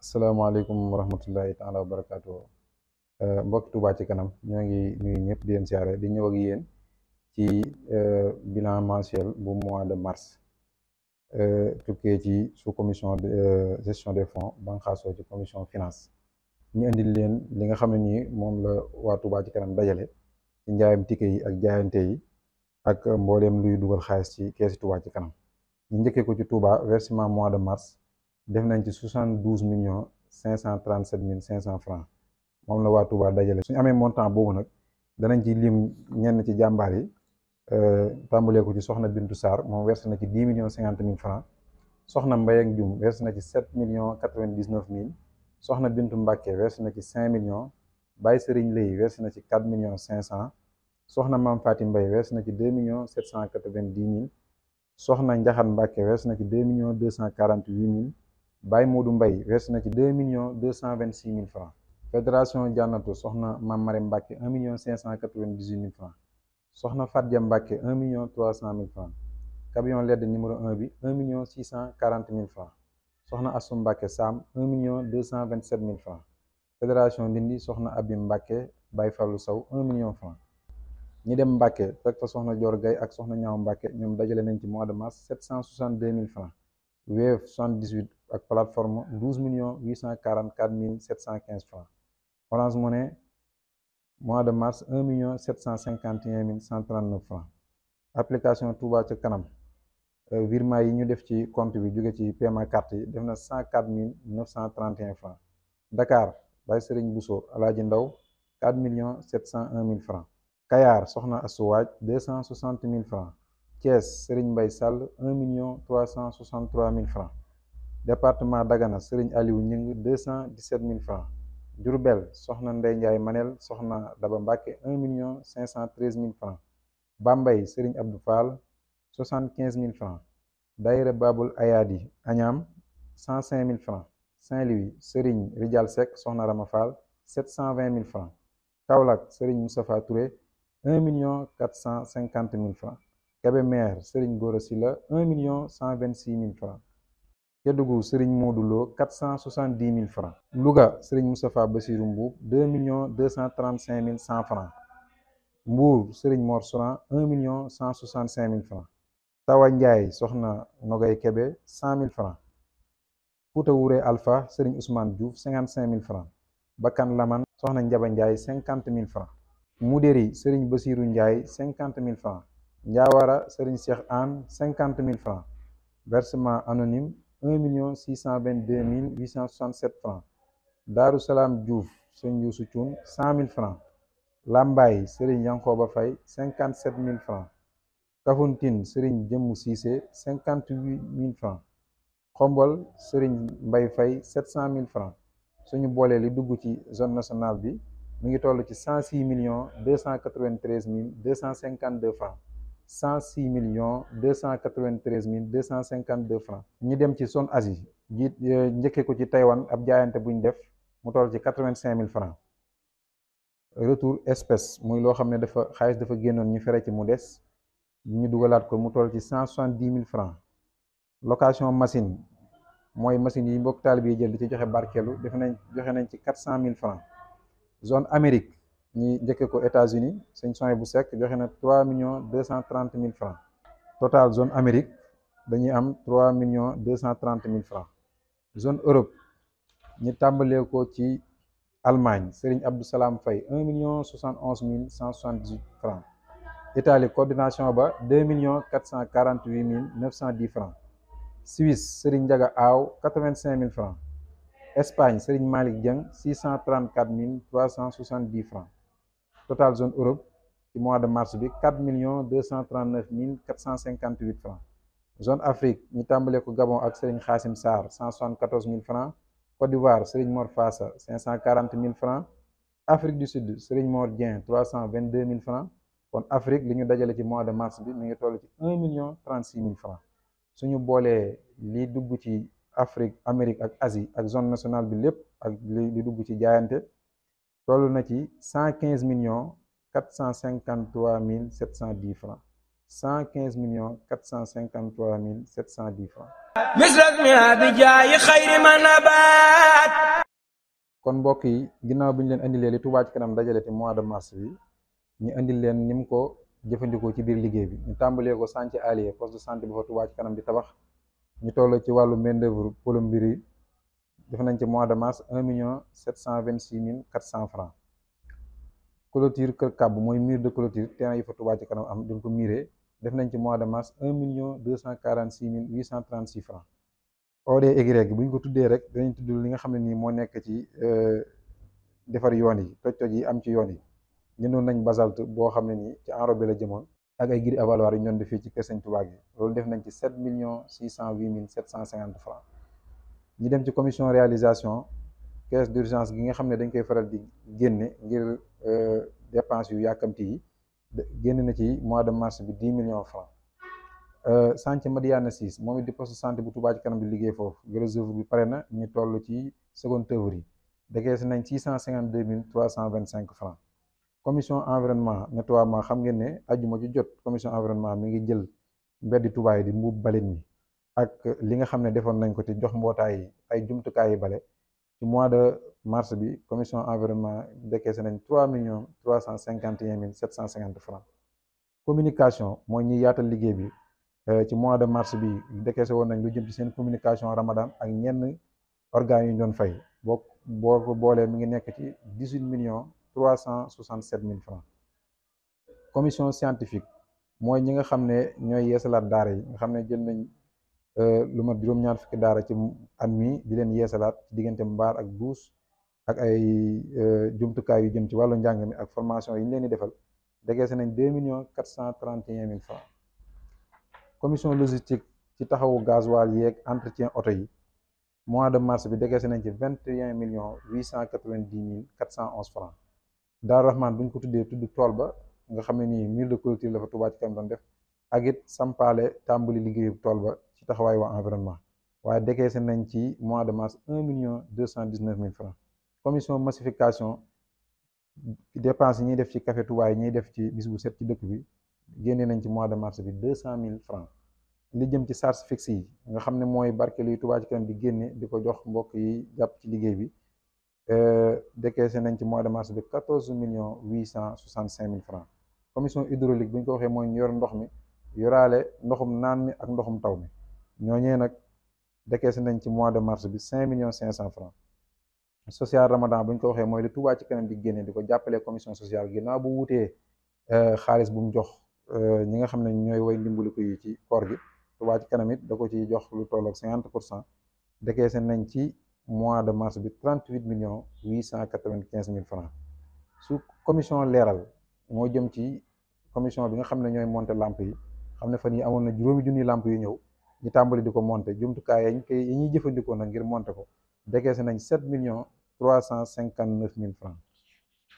asalaamaaleykum wa rahmatullahi taala wa barakaatu eh, mbokk Touba ci kanam ñoo ngi nuyu ñëpp di leen siyaare di ñëw ak yéen ci eh, bilan mensuel bu mois de mars eh, tukkee ci sous commission de gestion des fonds banqaasoo ci commission finance ñu indil leen li nga xam ne nii moom la waa Touba ci kanam dajale ci njaayam tike yi ak jaayante yi ak mbooleem luy dugal xaalis ci keesi Touba ci kanam ñu njëkkee ko ci Touba versement mois de mars def nañ ci soixante douze millions cinq cent trente sept mille cinq cent francs moom la waa Touba dajale suñ amee montant boobu nag danañ ci lim ñenn ci jàmbaar yi euh, tàmbalee ko ci soxna Bintu Sarr moom verse na ci dix millions cinquante mille francs soxna Mbaye ak na ci sept millions quatre vingt dix neuf mille soxna Bintu Mbacke verse na ci cinq millions Baye Serigne Leye verse na ci million millions cinq cent soxna Mame Fatim Mbaye verse na ci deux millions sept cent quatre vingt dix mille soxna Njaxat Mbacke verse na ci deux millions deux cent quarante moo Modou mbay verse na ci deux millions deux cent vingt six mille francs fédération Jannatu soxna Mame Marème Mbacke million cinq cent quatre vingt dix huit mille francs soxna Fatia Mbacke un million trois cent mille francs camion LED numéro un bi un million six cent quarante mille francs soxna Assou Mbacke Sam un cent vingt sept mille francs fédération Ndindi soxna Abim Mbacke Baye Fallou Sow ñi dem Mbacke fekk fa soxna Dior Gaye ak soxna Ñaaw Mbacke ñoom dajale nañ ci mois de mars sept cent soixante deux mille francs Wave soixante-dix-huit ak plateforme douze millions huit cent quarante-quatre mille sept cent quinze francs Orange Money mois de mars un million sept cent cinquante et un mille cent trente application Touba ca kanam euh, virement yi ñu def ci compte bi jóge ci paiement carte yi def na cent quatre mille neuf cent trente et un francs Dakar Ndaw quatre millions sept cent un mille francs Kayar Soxna Asuwaaj mille francs Thiès Serigne Mbaye sal un million trois cent soixante trois mille francs département Dagana Serigne Aliou ñung deux cent dix sept mille francs Diourbel Soxna Ndey Ndiaye Manel Soxna Daba Mbacke un million cinq cent treize mille francs Bambey Serigne Abdou Fall soixante quinze mille francs Daïra Babul Ayadi Agnam cent cinq mille francs Saint-Louis Serigne Rijal Seck Soxna Rama Fall sept cent vingt mille francs Kaolack Serigne Moustapha Touré million quatre cent cinquante mille francs Kébémer Serigne Gora Sylla un million cent vingt six mille francs Kédougou Serigne Modou cent soixante dix mille francs Louga Serigne Moustapha Bassirou Mbuub deux millions deux cent trente cinq mille cent francs Mbour Serigne Mor Soran un million cent soixante cinq Tawa Ndiaye Soxna Nogay Kébé cent mille francs Fouta Wouré Alpha Serigne Ousmane Diouf cinq mille francs Bakkan Laman Soxna Njaba Ndiaye cinquante mille francs Moudéri Serigne Bassirou Ndiaye cinquante mille francs Ndiawara Serigne Cheikh Anne cinquante mille francs versement anonyme un million six cent vingt deux mille huit cent soixante sept francs Darou Salaam Diouf Serigne Youssou Thioune cent mille francs Lambaye Serigne Yankoba Faye cinquante sept mille francs Kafountine Serigne Jëmmu Cissé cinquante huit mille francs Xombol Serigne Mbaye fay sept cent mille francs suñu boolee li dugg ci zone nationale bi mu ngi toll ci cent six millions deux cent quatre vingt treize cent cinquante deux francs cent six millions deux cent quatre mille deux cent cinquante deux francs ñi dem ci zone Asie jiit euh, njëkkee ko ci Taïwan ab jaayante bu ñu def mu toll ci quatre vingt mille francs retour espèce muy loo xam ne dafa xaalis dafa génnoon ñu fere ci mu des ñu dugalaat ko mu toll ci cent dix mille francs location machine mooy machine yi mbokk taalibe yi jël di ci joxe barkeelu def nañ joxe nañ ci quatre cent mille francs zone Amérique ñi njëkkee ko États-Unis sëñ Sonia bu sekk joxe na trois millions deux cent trente mille francs total zone Amérique dañuy am trois millions deux cent trente mille francs zone Europe ñi tàmbalee ko ci Allemagne Serigne Abdou Salam Faye un million soixante onze mille cent soixante dix huit francs Italie coordination ba deux millions quatre cent quarante huit mille neuf cent dix francs Suisse Serigne Ndiaga Aw mille francs Espagne Serigne Malick Dieng six cent mille trois cent soixante dix francs total zone Europe ci mois de mars bi quatre millions deux cent trente neuf mille quatre cent cinquante huit francs zone Afrique ñu tàmbalee ko Gabon ak Serigne Khassim Sarr cent soixante quatorze mille francs Côte d'Ivoire Serigne Mor Fassa cent quarante mille francs Afrique du Sud Serigne Mor Dieng francs kon Afrique li ñu dajale ci mois de mars bi mi ngi toll ci un million trente six mille boolee li dugg ci Afrique Amérique ak Asie ak zone nationale bi lépp ak li dugg ci jaayante toll na ci cent quinze million quatre cent cinquante trois mille sept cent dix francs cent quinze millions quatre cent cinquante trois mille sept cent dix francs kon mbokk yi ginnaaw bi ñu leen indilee li Touba ci kanam dajale te mois de mars bi ñu indil leen ni mu ko jëfandikoo ci biir liggéey bi ñu tàmbalee ko santé allié poste de santé bu fa Touba ci kanam di tabax ñu toll ci wàllu main d'œuvre plomberie def nañ ci mois de mars un million sept cent vingt six mille quatre cent francs clôture kër kàbb mooy mur de clôture terrain yi fa Touba ci kanam am duñ ko miiree def nañ ci mois de mars un million deux cent quarante six mille huit cent trente six francs ODY bu ñu ko tuddee rek danañ tudd li nga xam ne nii moo nekk ci euh, defar yoon yi toj-toj yi am ci yoon yi jëndoon nañ basalte boo xam ne nii ci enrobé la jëmoon ak ay giri avaloir yi ñoon di ci kër Sëñ Touba gi loolu def nañ ci sept millions six cent huit mille sept cent cinquante francs ñu dem ci commission réalisation caisse d'urgence gi nga xam ne dañ koy faral di génne ngir euh, dépense yu yàkkamti yi génn na ci mois de mars bi dix millions francs euh, santé Madiana Ciss moom it di poste santé bu Touba ci kanam di liggéey foofu gros œuvre bi pare na ñu toll ci seconde œuvre yi décaissé nañ six cent cinquante deux mille trois cent vingt cinq francs commission environnement nettoiement xam ngeen ne ajuma ci jot commission environnement mi ngi jël mbeddi Touba yi di mbuub ak li nga xam ne defoon nañ ko ci jox mbootaay yi ay jumtukaay yi bale ci mois de mars bi commission environnement décaissé nañ trois millions trois cent cinquante et un mille sept cent cinquante francs communication mooy ñi yaatal liggéey bi euh, ci mois de mars bi décaissé woon nañ lu jëm ci seen communication ramadan ak ñenn organes yu ñu doon fay boo boo boolee mi ngi nekk ci dix huit millions trois cent soixante sept mille francs commission scientifique mooy ñi nga xam ne ñooy yeesalaat daara yi xam ne jël nañ lu ma juróom-ñaar fukki daara ci at mi di leen yeesalaat ci diggante mbaar ak duus ak ay e, jumtukaay yu jëm ci wàllu njàng mi ak formation yi ñu leen di defal dégeese nañ deux millions quatre cent trente et un mille francs commission logistique ci taxawu gasoil yeeg entretien oto yi mois de mars bi dégeese nañ ci vingt et million millions huit cent quatre-vingt-dix cent onze francs Daaru Rahman ñu ko tuddee tudd tool ba nga xam ne nii mur de clôture la fa Touba ci kanam doon def ak it sampaale tàmbali liggéeyu tool ba taxawaay waa environnement waaye se nañ ci mois de mars un million deux cent dix neuf mille francs commission massification dépense yi def ci café Touba yi ñuy def ci bis bu set ci dëkk bi génnee nañ ci mois de mars bi deux cent mille francs li jëm ci charges fixes yi nga xam ne mooy barkeelu yi Touba di génne di ko jox mbokk yi jàpp ci liggéey bi euh, décaissé nañ ci mois de mars bi quatorze millions huit cent soixante cinq mille francs commission hydraulique bu ko waxee mooy ñu yor ndox mi yoraale ndoxum naan mi ak ndoxum taw mi ñoo ñëwee nag décaissé nañ ci mois de mars bi cinq millions cinq cent francs social ramadan bu ñu ko waxee mooy li Touba ci kanam di génne di ko jàppalee commission sociale ginnaaw bu wutee euh, xaalis bu mu jox euh, ñi nga xam ne ñooy way ndimbaliku yi ci koor gi Touba ci kanamit da ko ciy jox lu tolloog cinquante pour cent décaissé nañ ci mois de mars bi trente huit millions huit cent quatre vingt mille francs su commission leeral moo jëm ci commission bi nga xam ne ñooy monter làmp yi xam ne fan yi amoon na juróomi junni làmp yu ñëw ñu tàmbali di ko monter jumtukaay yañ koy yi ñuy jëfandikoo nag ngir monter ko décaissé nañ sept millions trois cent cinquante neuf mille francs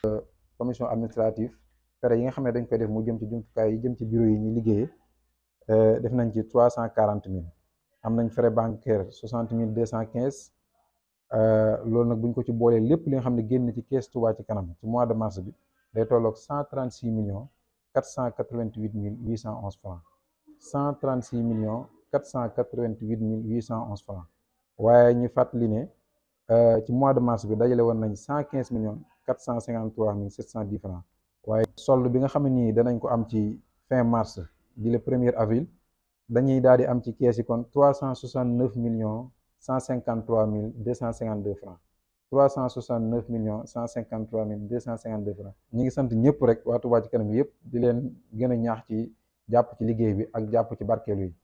euh, commission administrative fere yi nga xam ne dañ koy def mu jëm ci jumtukaay yi jëm ci bureau yi ñuy liggéeyee euh, def nañ ci trois cent quarante mille am nañ frais bancaire soixante mille deux cent quinze euh, loolu nag bu ko ci boolee lépp li nga xam ne génn ci kees Touba ci kanam ci mois de mars bi day tolloog cent trente six million quatre cent quatre vingt huit mille huit cent onze francs cent trente quatre cent quatre-vingt-huit mille huit cent onze ñu fàttali ne euh, ci mois de mars bi dajale woon nañ cent quinze millions quatre cent cinquante-trois mille sept cent dix waaye solde bi nga xam ne nii danañ ko am ci fin mars di le premier avril dañuy daal di am ci kees yi kon trois cent soixante-neuf million cent cinquante-trois mille cent cinquante-deux francs trois cent cent cinquante-trois mille deux cent cinquante-deux francs ñu ngi sant ñëpp rek waa Touba ci kanam yëpp di leen gën a ñaax ci jàpp ci liggéey bi ak jàpp ci barkeelu yi